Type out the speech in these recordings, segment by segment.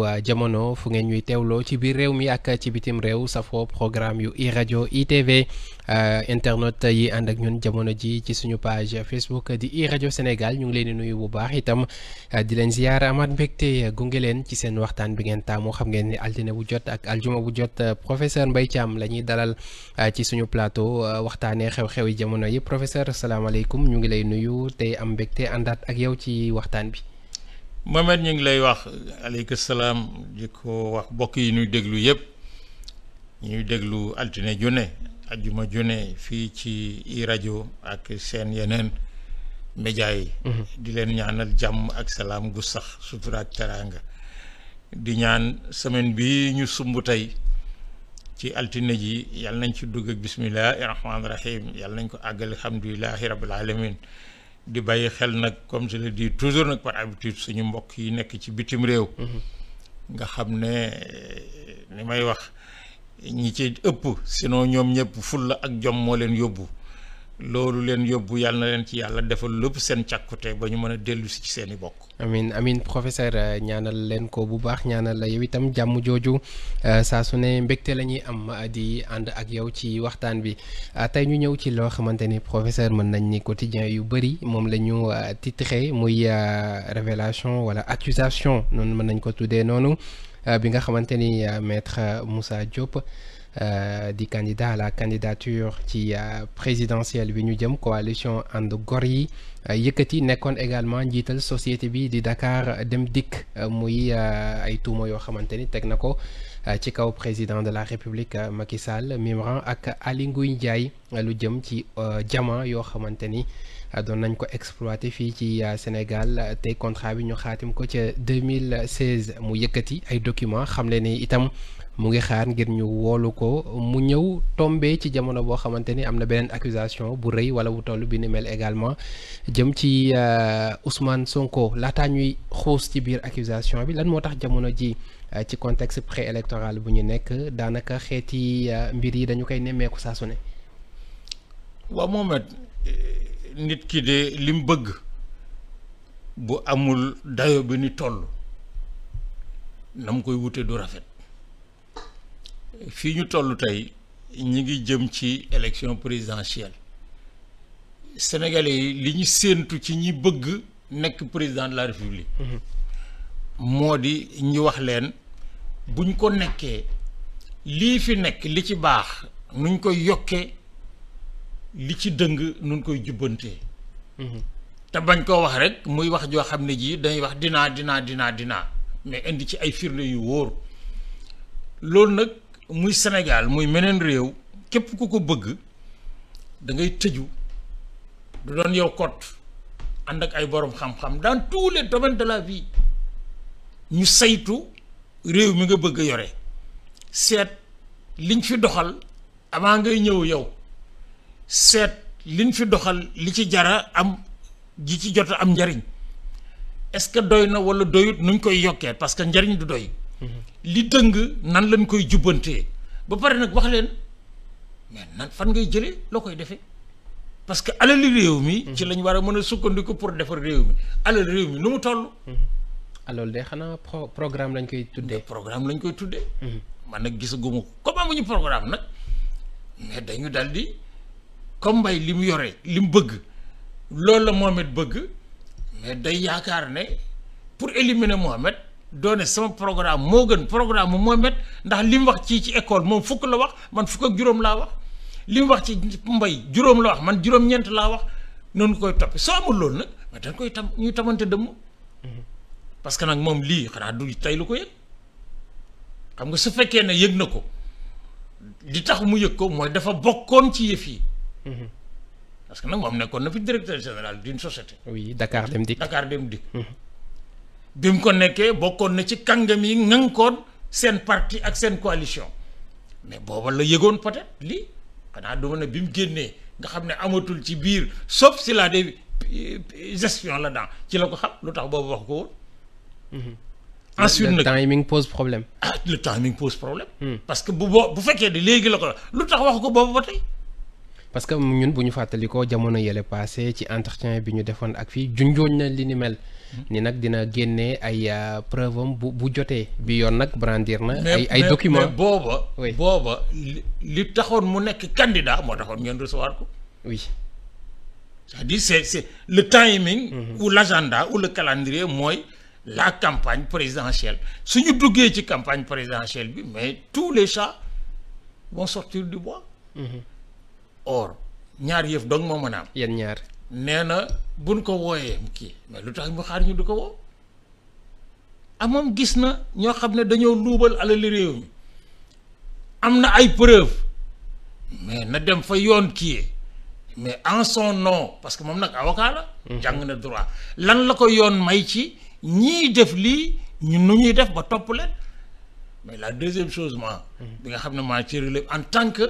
waa jamono fu ngeen ñuy teewloo ci biir réew mi ak ci bitim réew safoo programme yu i rajo itv euh, internet yi ànd ak ñun jamono ji ci suñu page facebook di i rajo sénégal ñu ngi leen di nuyu bu baax itam euh, di leen ziyaara amaat mbégte euh, gunge leen ci seen waxtaan bi ngeen taamu xam ngeen ni altine bu jot ak aljuma bu jot professeur Mbaye Thiam la ñuy dalal ci suñu plateau waxtaanee xew-xewi jamono yi professeur salaamaaleykum ñu ngi lay nuyu tey am mbégte àndaat ak yow ci waxtaan bi Mohamed ñu ngi lay wax aleykum salaam di ko wax mbokk yi ñuy déglu yëpp ñuy déglu altine june ajjuma june fii ci i rajo ak seen yeneen média yi mhm. di leen ñaanal jàmm ak salaam gu sax sutura ak di ñaan semaine bi ñu sumb tey ci altine ji yàlla nañ ci dugg ak bismillahi rahmaani rahim yàlla nañ ko àggal alhamdulilahi rabbil alamin di bàyyi xel nag comme je le dis toujours nag par habitude suñu mbokk yi nekk ci bitim réew mm-hmm. nga xam ne ni may wax ñi ci ëpp sinon ñoom ñëpp fulla ak jom moo leen yóbbu loolu leen yóbbu yàlla leen ci yàlla defal lépp seen càkkute ba ñu mën a dellu ci seen i bokk. amin amin professeur euh, ñaanal leen ko bu baax ñaanal la yow itam jàmm jooju euh, saa su ne mbégte la ñuy am euh, di ànd ak yow ci waxtaan bi tey ñu ñëw ci loo xamante ni professeur mën nañ ni quotidien yu bëri moom la ñu titré muy révélation wala accusation noonu mën nañ ko tuddee noonu bi nga xamante ni maître Moussa Diop. Euh, di candidat à la candidature ci euh, présidentielle bi ñu jëm coalition ànd gor yi euh, yëkkati nekkoon également njiital société bi di dakaar Dem Dikk muy ay tuuma yoo xamante ni teg na ko ci kaw président de la république Macky Sall Mimran ak Aly Ngouille Ndiaye lu jëm ci jamono yoo xamante ni doon nañ ko exploité fii ci Sénégal tey contrat bi ñu xaatim ko ca 2016 mu yëkkati ay documents xamle ni itam. mu ngi xaar ngir ñu woolu ko mu ñëw tombé ci jamono boo xamante ni am na beneen accusation bu rëy wala bu toll bi ni mel également jëm ci euh, Ousmane Sonko laataa ñuy xuus ci biir accusation bi lan moo tax jamono ji euh, ci contexte préélectoral bu ñu nekk daanaka xeeti euh, mbir yi dañu koy nemmeeku saa su ne. waaw Mohamed nit ki de lim bëgg bu amul dayo bi ni toll na mu koy wutee du rafet. fii ñu toll tey ñi ngi jëm ci élection présidentielle sénégalais yi li ñu séentu ci ñi bëgg nekk président de la république mhm. moo di ñu wax leen buñ ko nekkee lii fi nekk li ci baax nuñ koy yokkee li ci dëng nuñ koy jubbantee mhm. te bañ koo wax rek muy wax joo xam ne jii dañuy wax dinaa dinaa dinaa dinaa mais indi ci ay firnde yu wóor loolu nag muy senegal muy meneen réew képp ku ko bëgg da ngay tëju du doon yow kot ànd ak ay boroom xam-xam dans tous les domaines de la vie ñu saytu réew mi nga bëgg a yore seet liñ fi doxal avant ngay ñëw yow seet liñ fi doxal li ci jara am ji ci jot am njariñ est-ce que doy na wala doyut nuñ koy yokkee parce que njariñ du doy li dëng nan lañ koy jubbantee ba pare nag wax leen mais nan fan ngay jëlee loo koy defee parce que alali réew mi. Mhm. ci lañ war a mën a sukkandiku pour defar réew mi alal réew mi nu mu toll. Mhm. alors ah, de xanaa programme lañ koy tuddee. programme lañ koy tuddee. Mhm. man nag gisaguma ko comme amuñu programme nag mais dañu dal comme mbay li mu yore li mu bëgg loolu la Mohamed bëgg mais day yaakaar ne pour éliminer Mohamed. doone sama programme moo gën programme moo Mohamed ndax li wax ci ci école moom fukk la wax man fukk ak juróom laa wax li wax ci mbay juróom la wax man juróom-ñeent laa wax noonu koy topp soo amul loolu nag mais dañ koy tam ñuy tamante dëmm parce que nag moom lii xanaa du tey lu ko yëg xam nga su fekkee ne yëg na ko di tax mu yëg ko mooy dafa bokkoon ci yëf yi parce que nag moom nekkoon na fi directeur général d'une société oui Dakar Dem Dikk Dakar Dem Dikk mhm. bi mu ko nekkee bokkoon na ci kàngam yi ŋànkoon seen parti ak seen coalition mais booba la yëgoon peut-être lii xanaa duma ne bi mu génnee nga xam ne amatul ci biir sauf si laa de gestion la daan ci la ko xam lu tax boobu wax ko woon. ensuite nag le timing pose problème. ah le timing pose problème. Hmm. parce que bu boo bu fekkee de léegi la ko la lu tax wax ko boobu ba tey. parce que ñun bu ñu fàttalikoo jamono yële passé ci entretien bi ñu defoon ak fi junjooñ na li ni mel. ni nag dina génne ay euh, preuve am bu jotee. bi yoon nag brandir na. ay ay documents mais booba. li taxoon mu nekk candidat moo taxoon ngeen recevoir ko. oui. c'est-à-dire c'est c'est le timing. Mhm. ou l'agenda mooy. la campagne présidentielle su ñu duggee ci campagne présidentielle bi mais tous les chats vont sortir du bois. Mhm. or ñaar yëf dong moo mën a am. yéen ñaar nee na buñ ko wooyee kii mais lu tax mu xaar ñu du ko woo ah moom gis na ñoo xam ne dañoo luubal alali réew mi am na ay preuve mais na dem fa yoon kii mais en son nom parce que moom nag avocat la. Mhm. jàng na droit lan la ko yoon may ci ñiy def lii ñun nu ñuy def ba topp mais la deuxième chose ma mhm. bi nga xam ne maa ci relève en tant que.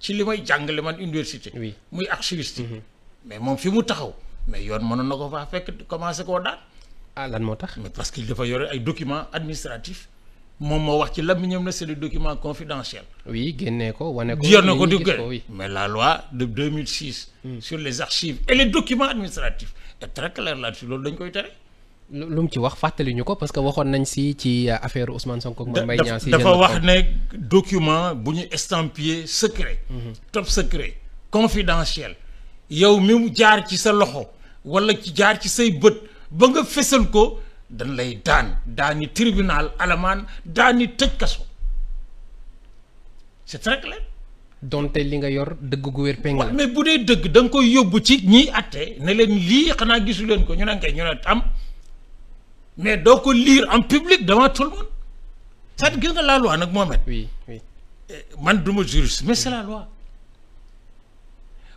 ci li may jàngale man université. oui muy archiviste. Mhm. mais moom fi mu taxaw. mais yoon mënoon na ko faa fekk commencé koo daal ah lan moo tax. mais parce que dafa yore ay documents administratifs moom moo wax ci làmmiñam na c'est des documents confidentiels. oui génnee ko wane ko. yor na ko du gën mais la loi de 2006. Mm. sur les archives et les documents administratifs est très claire là-dessus loolu dañ koy tere. lu mu ci wax fàttali ñu ko parce que waxoon nañ si ci euh, affaire Ousmane Sonko ak Mame Mbaye Niang si dafa wax ne document bu ñu estampillé secret mhm. top secret confidentiel yow mi mu jaar ci sa loxo wala ci jaar ci say bët ba nga fésal ko dañ lay daan daani tribunal alamaan daani tëj kaso c'est très clair donte li nga yor dëgg gu weer peng mais bu dee dëgg da koy yóbbu ci ñiy atte ne leen lii xanaa gisu leen ko ñu ne ngay ñu ne am mais doo ko lire en public devant tout le monde cest gis nga la loi nag Mohamed. Eh, man du ma mais c'est la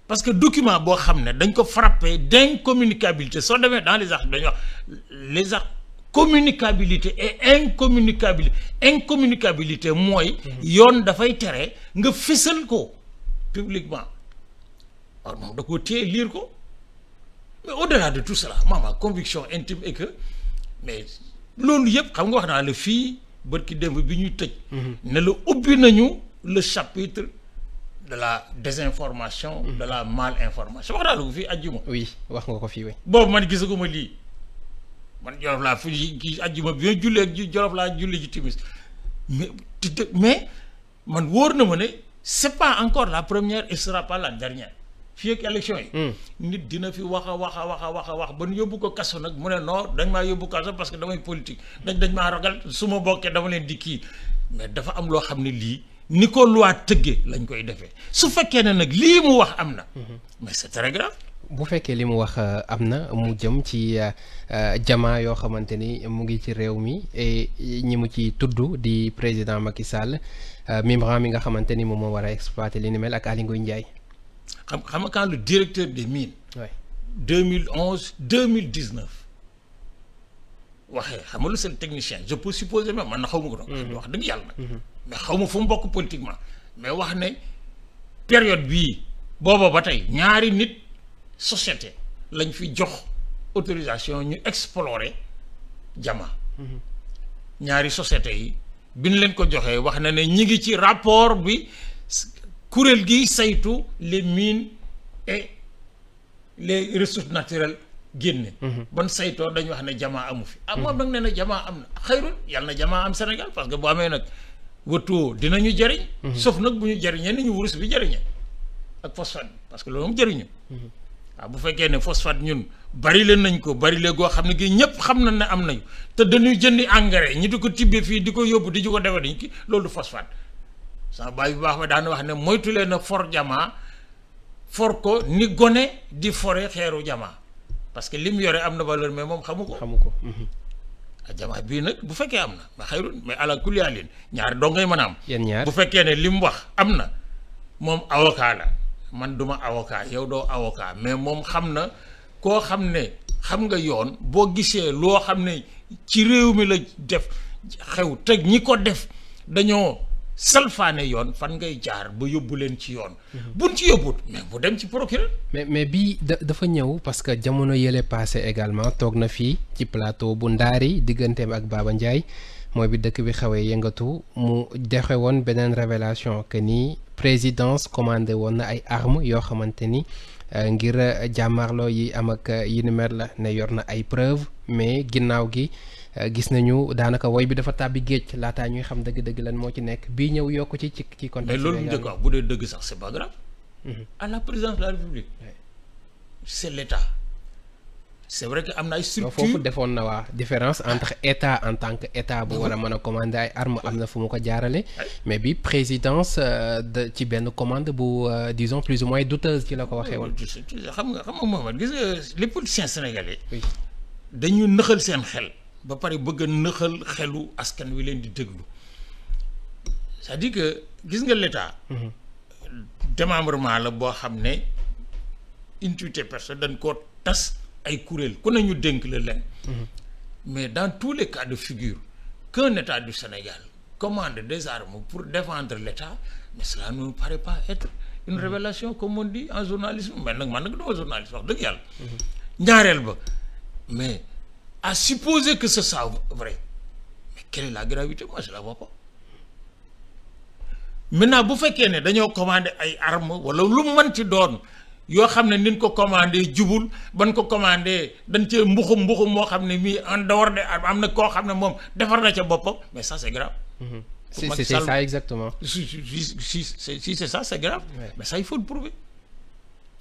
parce que document boo xam ne dañ ko frappé d'incommunicabilité soo demee dans les archives dañuy wax les archives communicabilité et incommunicabilité incommunicabilité mooy. Mhm. yoon dafay tere nga fësal ko publiquement waaw da koo téye lire ko mais au-delà de tout cela ma conviction intime est mais loolu yëpp xam nga wax naa la fii bërki démb bi ñuy tëj mhm. ne la ubbi nañu le chapitre de la désinformation mhm. de la mal information wax naa la fii ajjuma oui wax nga ko fii we boobu man gisaguma lii man jolof laa fi kii ajjuma bi ma jullee ji jolof laa julli ji timis mais mais man wóor na ma ne c'est pas encore la première et ce sera pas dernière fii ak élection yi. Hmm. nit dina fi wax a wax a wax a wax wax ba nu yóbbu ko kaso nag mu ne non dañ maa yóbbu kaso parce que damay politique dañ dañ maa ragal su ma bokkee dama leen di kii mais dafa am loo xam ne lii ni ko loi tëggee lañ koy defee su fekkee ne nag lii mu wax am na. Hmm. mais c'est bu fekkee li mu wax euh, am na mu jëm ci euh, euh, jamaa yoo xamante ni mu ngi ci réew mi et ñi mu ci tudd di président Macky Sall Mimran mi nga xamante ni moom moo war a exploiter li ni mel ak Aly Ngouille Ndiaye. xam xam nga quand le directeur des mines. oui 2011 2019 waxee xam nga lu seen technicien je pour supposer ma man na xaw ma ko doon. Mhm. wax dëgg yàlla. Mhm. mais xaw ma fu mu bokk politiquement mais wax ne période bii booba ba tey ñaari nit société lañ fi jox autorisation ñu explorer jama. Mhm. ñaari société yi bi ñu leen ko joxee wax na ne ñi ngi ci rapport bi. kuréel gi saytu les mines et les ressources naturelles génne mhm. ban saytoo dañ wax ne jamaa amu fi ah mhm. moom nag nee na jamaa am na xayrul yàlla na jamaa am Sénégal parce que bu amee nag wëtuwoo ñu jëriñ mhm. sauf nag bu ñu jëriñee ni ñu wurus bi jëriñee ak phosphate bi parce que loolu moom jëriñu waaw ah, bu fekkee ne phosphate ñun bari leen nañ ko bari lee goo xam ne gi ñëpp xam na ne am nañu te dañuy jëndi engrais ñi di ko tibbee fii di ko yóbbu di ko defe dañ ki loolu du sama baay bu baax ma daan wax ne moytu leen a for jamaa for ko ni gone di fore xeeru jamaa parce que li mu yore am na valeur mais moom xamu ko. xamu ko. Mhm. Ah, jamaa bii nag bu fekkee am na ba xayrun mais ala kulli ñaar doo ngay mën am. yéen ñaar bu fekkee ne li mu wax am na moom awokaa la man duma avocat yow doo avocat mais moom xam na koo xam ne xam nga yoon boo gisee loo xam ne ci réew mi la def xew teg ñi ko def dañoo. salfaane yoon fan ngay jaar ba yóbbu leen ci yoon. buñ ci yóbbut mais bu dem ci procureur. mais mais bii dafa ñëw parce que jamono yële passé également toog na fii ci plateau bu Ndaari digganteem ak Baba Ndiaye mooy bi dëkk bi xawee yëngatu mu dexe woon beneen révélation que ni présidence commandé woon na ay armes yoo xamante ni euh, ngir jàmmarloo yi am ak euh, yu ni la ne yor na ay preuves mais ginnaaw gi. Eh, gis nañu daanaka woy bi dafa tàbbi géej laataa ñuy xam dëgg-dëgg lan moo ci nekk bii ñëw yokk ci ci ci contexte. mais loolu mu njëkk wax bu dee dëgg mhm. la présidence de la République. c'est l'État. que am na ay foofu defoon na waa différence entre état en tant que état bu war a mën a commander ay armes am na fu mu ko jaarale mais bi présidence euh, de ci benn commande bu euh, disons plus ou moins douteuse ci la ko waxee woon xam nga xam nga Mohamed gis nga les politiciens dañu nëxal seen xel ba pare bëgg a nëxal xelu askan wi leen di déglu c'est-à-dire que gis nga l'état mhm. démembrement la boo xam ne unité personne dañ koo tas ay kuréel ku nañu dénk la leen mhm. mais dans tous les cas de figure qu'un état du Sénégal commande des armes pour défendre l'état mais cela ne nous paraît pas être une mhm. révélation comme on dit en journalisme mais nag man nag dama journaliste wax dëgg yàlla ñaareel ba mais a supposer que ce soit vrai mais quelle la gravité moi la vois pas maintenant bu fekkee ne dañoo commander ay armes wala lu man ci doon yoo xam ne niñ ko commander jubul ban ko commandé dañ cee mbuxum mbuxum moo xam ne mii en dehors de am na koo xam ne moom defar na ca boppam mais ça c'est grave. Mhm. si c'est ça exactement. si si si si c'est ça c'est grave. mais ça il faut le prouver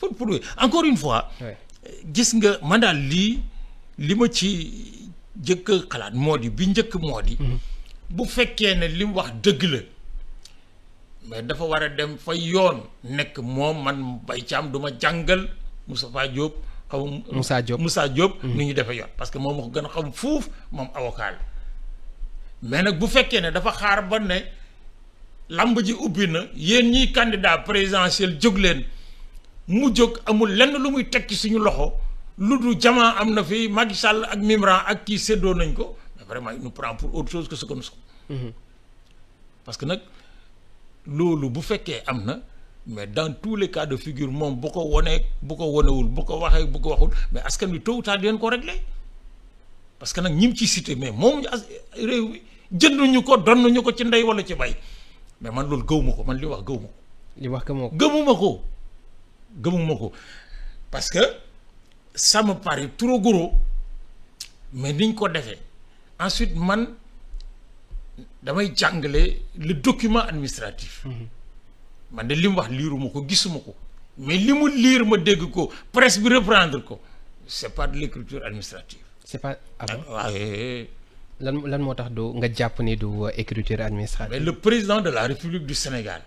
il encore une fois. gis nga man lii. li ma ci jëkk xalaat moo di bi njëkk moo di mhm. bu fekkee ne li wax dëgg la mais dafa war a dem fa yoon nekk moom man bay Thiam du ma jàngal Moustapha Diop xamu Moussa Diop Moussa mhm. ni ñu defee yoon parce que moom ma ko gën a xam fuuf moom avocat mais nag bu fekkee ne dafa xaar ba ne lamb ji ubbi na yéen ñiy candidat présidentiel jóg leen mu jóg amul lenn lu muy tekki suñu loxo lu du jamaa am na fi Macky Sall ak Mimran ak kii séddoo nañ ko vraiment il nous prend pour autre chose que ce mhm. parce que nag loolu bu fekkee am na mais dans tous les cas de figure moom bu ko wonee bu ko wonewul bu ko waxee bu ko waxul mais askan wi tôt ou tard ko leen ko régler parce que nag ñim ci cité mais moom as réew mi jënduñu ko donnuñu ko ci ndey walla ci bay mais man loolu gëwuma ko man li wax gëwuma ko. wax gëmoo ko gëmuma ko gëmuma ko parce que. sama me paraît trop gros mais niñ ko defee ensuite man damay jàngale le document administratif mhm. man de li mu wax liiruma ko gisuma ko mais li mu liir ma dégg ko presse bi reprendre ko c'est pas de l'écriture administrative c'est pas ah, ah lan lan moo tax du nga jàpp ni du euh, écriture administrative mais le président de la République du Sénégal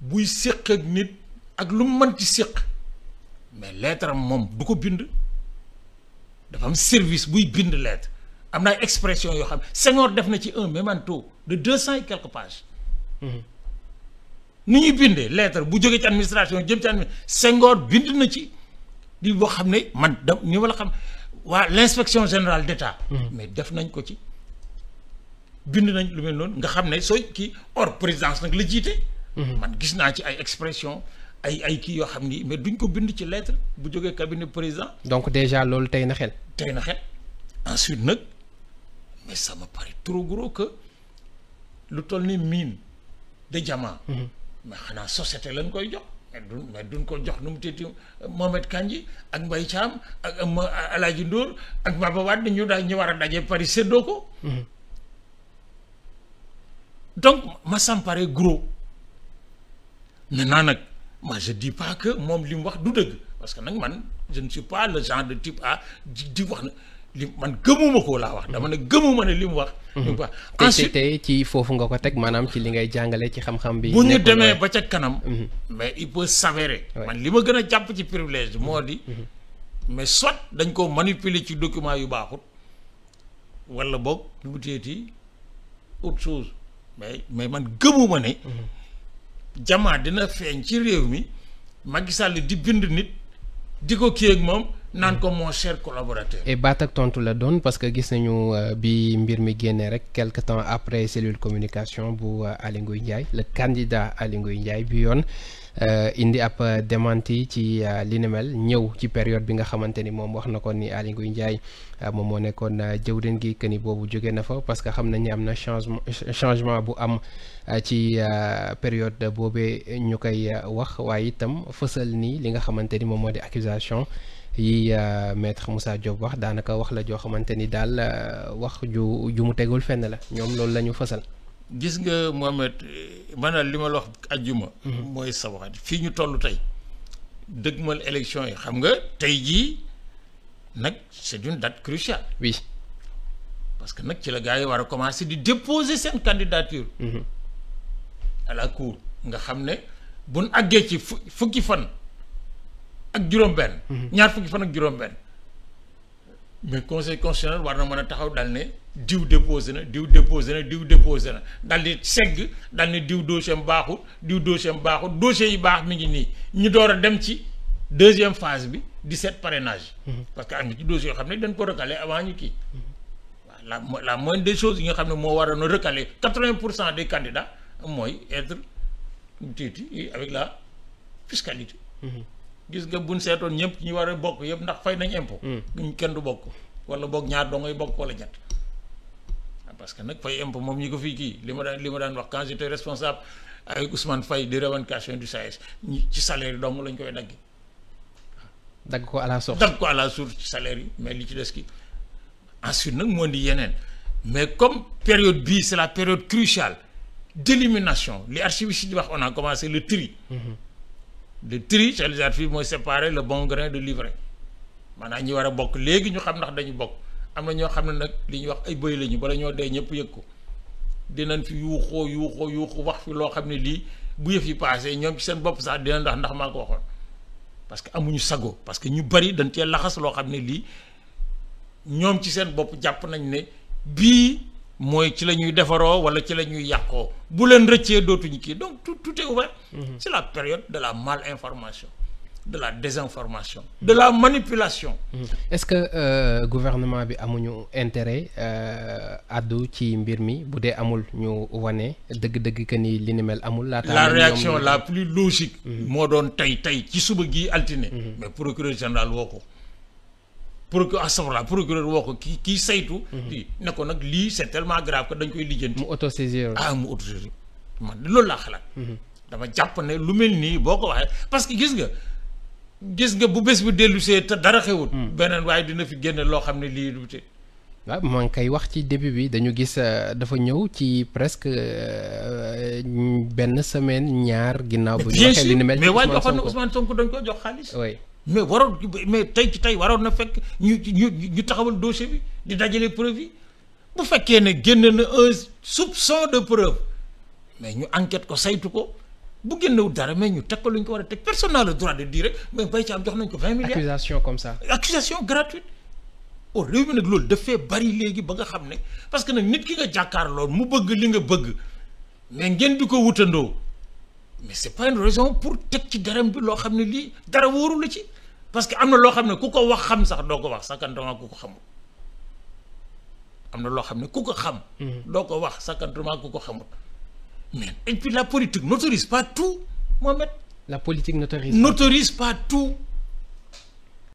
buy séq ak nit ak lu mu mënti séq mais lettre am moom du ko bind dafa am service buy bind lettre am naa expression yoo xam Senghor def na ci un mémento de deux cent et quelques mm-hmm. ñuy bindee lettre bu jógee ci administration jëm ci bind na ci di boo xam ne man da ni ma xam waa l' inspection générale d' état mm-hmm. mais def nañ ko ci bind nañ lu mel noonu nga xam ne sooy kii or présidence nag la jiite mm-hmm. man gis naa ci ay expression ay ay kii yoo xam ni mais duñ ko bind ci lettre bu jógee cabinet président. donc déjà loolu tey na xel. tey na xel ensuite nag mais ça me trop gros que lu toll ni mine de diamant. Mhm. mais xanaa société lañ koy jox. mais duñ ko jox nu mu tëddi Mohamed Kandji ak Mbaye Thiam ak El Hadji Ndour ak Baba Wade ñu daal ñu war a daje Paris séddoo ko. Mhm. donc ma ça me paraît gros maintenant nag. moi je dis pas que moom li wax du dëgg parce que nag man je ne suis pas le genre de type ah di di wax ne li man gëmuma ko laa wax dama ne gëmuma ne li mu wax. li mu wax ensuite tey ci foofu nga ko teg maanaam ci li ngay jàngale ci xam-xam bi. bu ñu demee ba ca kanam. Mhm. mais il peut s'avérer. man li ma gën a jàpp ci privilège moo di. Mhm. mais soit dañ koo manipuler ci document yu baaxut walla boog lu mu téyeti autre chose mais mais man gëmuma ne. Mhm. jamaa dina feeñ ci réew mi Macky Sall di bind nit di ko kii moom naan ko mon cher collaborateur. et baat tontu la doon parce que gis nañu euh, bi mbir mi génnee rek quelque temps après cellule communication bu euh, Aly Ngouille Ndiaye le candidat Aly Ngouille bi yoon. Euh, indi ab euh, démenti ci euh, li ni mel ñëw ci période bi nga xamante ni moom wax na ko ni Aly Ngouille njaay moom moo nekkoon jëwriñ gi que ni boobu jógee na fa parce que xam na ni am na changement changement bu am ci période boobee ñu koy wax waaye itam fësal ni li nga xamante ni moom moo di accusation yi maître Moussa Diop wax daanaka wax la joo xamante ni daal wax ju ju mu tegul fenn la ñoom loolu la ñu fësal. gis nga Mohamed eh, maanaam li ma la wax ajjuma mhm. mooy sa waxat fii ñu toll tey dëgg mal élection yi xam nga tey jii nag c'est une date cruciale oui parce que nag ci la gaa yi war a commencer di déposer seen candidature mhm. à la cour nga xam ne buñ àggee ci fukki fan ak juróom benn mhm. ñaar fukki fan ak juróom benn mais conseil constitutionnel war na mën a taxaw dal ne diw déposé na diw déposé na diw déposé na dal di segg dal ne diw dossier baaxul diw dossier baaxul dossier yi baax mi ngi nii ñu door a dem ci deuxième phase bi di 17 parrainage. Mhm. parce que am na ci dossier yoo xam ne dañ ko recalé avant ñu kii. la la moindre des choses yi nga xam ne moo waroon a recalé 80 pour cent des candidats mooy être tuuti avec la fiscalité. Mhm. gis nga buñ seetoon ñëpp ñu war a bokk yëpp ndax fay nañ impôt hmm. kenn du bokk wala boog ñaar doo ngay bokk wala ñett ah, parce que nag fay impo moom ñi ko fii kii li ma daan li ma daan wax quand j'étais responsable avec Ousmane Faye des revendications du SAES ci salaire yi lañ koy dagg dagg ko à la source dagg ko à la source ci salaire mais li ci des ki ensuite nag moo di yeneen mais comme période bii c'est la période cruciale d'élimination li archiviste di wax on a commencé le tri mm-hmm. de tri chez les archives mooy séparer le bon grain de l'ivraie maanaam ñi war a bokk léegi ñu xam ndax dañu bokk am na ñoo xam ne nag li ñu wax ay bëy lañu bala ñoo dee ñëpp yëg ko dinañ fi yuuxoo yuuxoo yuuxu wax fi loo xam ne lii bu yëf yi paasee ñoom ci seen bopp sax dinañ ndax ndax maa ko waxoon parce que amuñu sago parce que ñu bari dañ cee laxas loo xam ne lii ñoom ci seen bopp jàpp nañ ne bii. mooy ci la ñuy defaroo wala ci la ñuy yàqoo bu leen rëccee dootuñu kii donc tout tout est ouvert mhm. c'est la période de la mal information de la désinformation mhm. de la manipulation mhm. est-ce que euh, gouvernement bi amuñu intérêt àddu euh, ci mbir mi bu dee amul ñu wane dëgg-dëgg que ni li ni mel amul la réaction la plus logique moo doon tey tey ci suba gii altine mais procureur général woo ko procureur astafurlah procureur woo ko kii kii saytu. ne ko nag lii c'est tellement grave que dañ koy lijjanti. mu autosaisir ah mu autosaisir man loolu laa xalaat. Mhm. dama jàpp ne lu mel nii boo ko waxee parce que gis nga. gis nga bu bés bu dellu see te dara xewul. Mhm. beneen waaye dina fi génne loo xam ne lii lu te waaw maa ngi koy wax ci début bi dañu gis euh, dafa ñëw ci presque euh, benn semaine ñaar ginnaaw. bu ñu waxee li ni mel mais waaye waxoon na Ousmane Sonko dañ ko jox xaalis. mais waroon mais tey ci tey waroon na fekk ñu ñu ñu taxawal dossier bi di dajalee preuve bu fekkee ne génn na un soupçon de preuve mais ñu enquête ko saytu ko bu génnewul dara mais ñu teg ko lu ñu ko war a teg personne n'a le droit de dire rek mais Mbaye Thiam jox nañ ko vingt milliards accusation comme ça accusation gratuite oh réew mi nag loolu dafee bari léegi ba nga xam ne parce que nag nit ki nga jàkkaarloo mu bëgg li nga bëgg mais ngeen di ko wutandoo mais c'est pas une pour teg ci daram bi loo xam ne lii dara wóoru la ci parce que am na loo xam ne ku ko wax xam sax doo ko wax sakantuma ku ko xamul am na loo xam ne ku ko xam mm-hmm. doo ko wax sakantuma ku ko xamul mais et puis la politique n'autorise pas tout Mohamed la politique n'autorise pas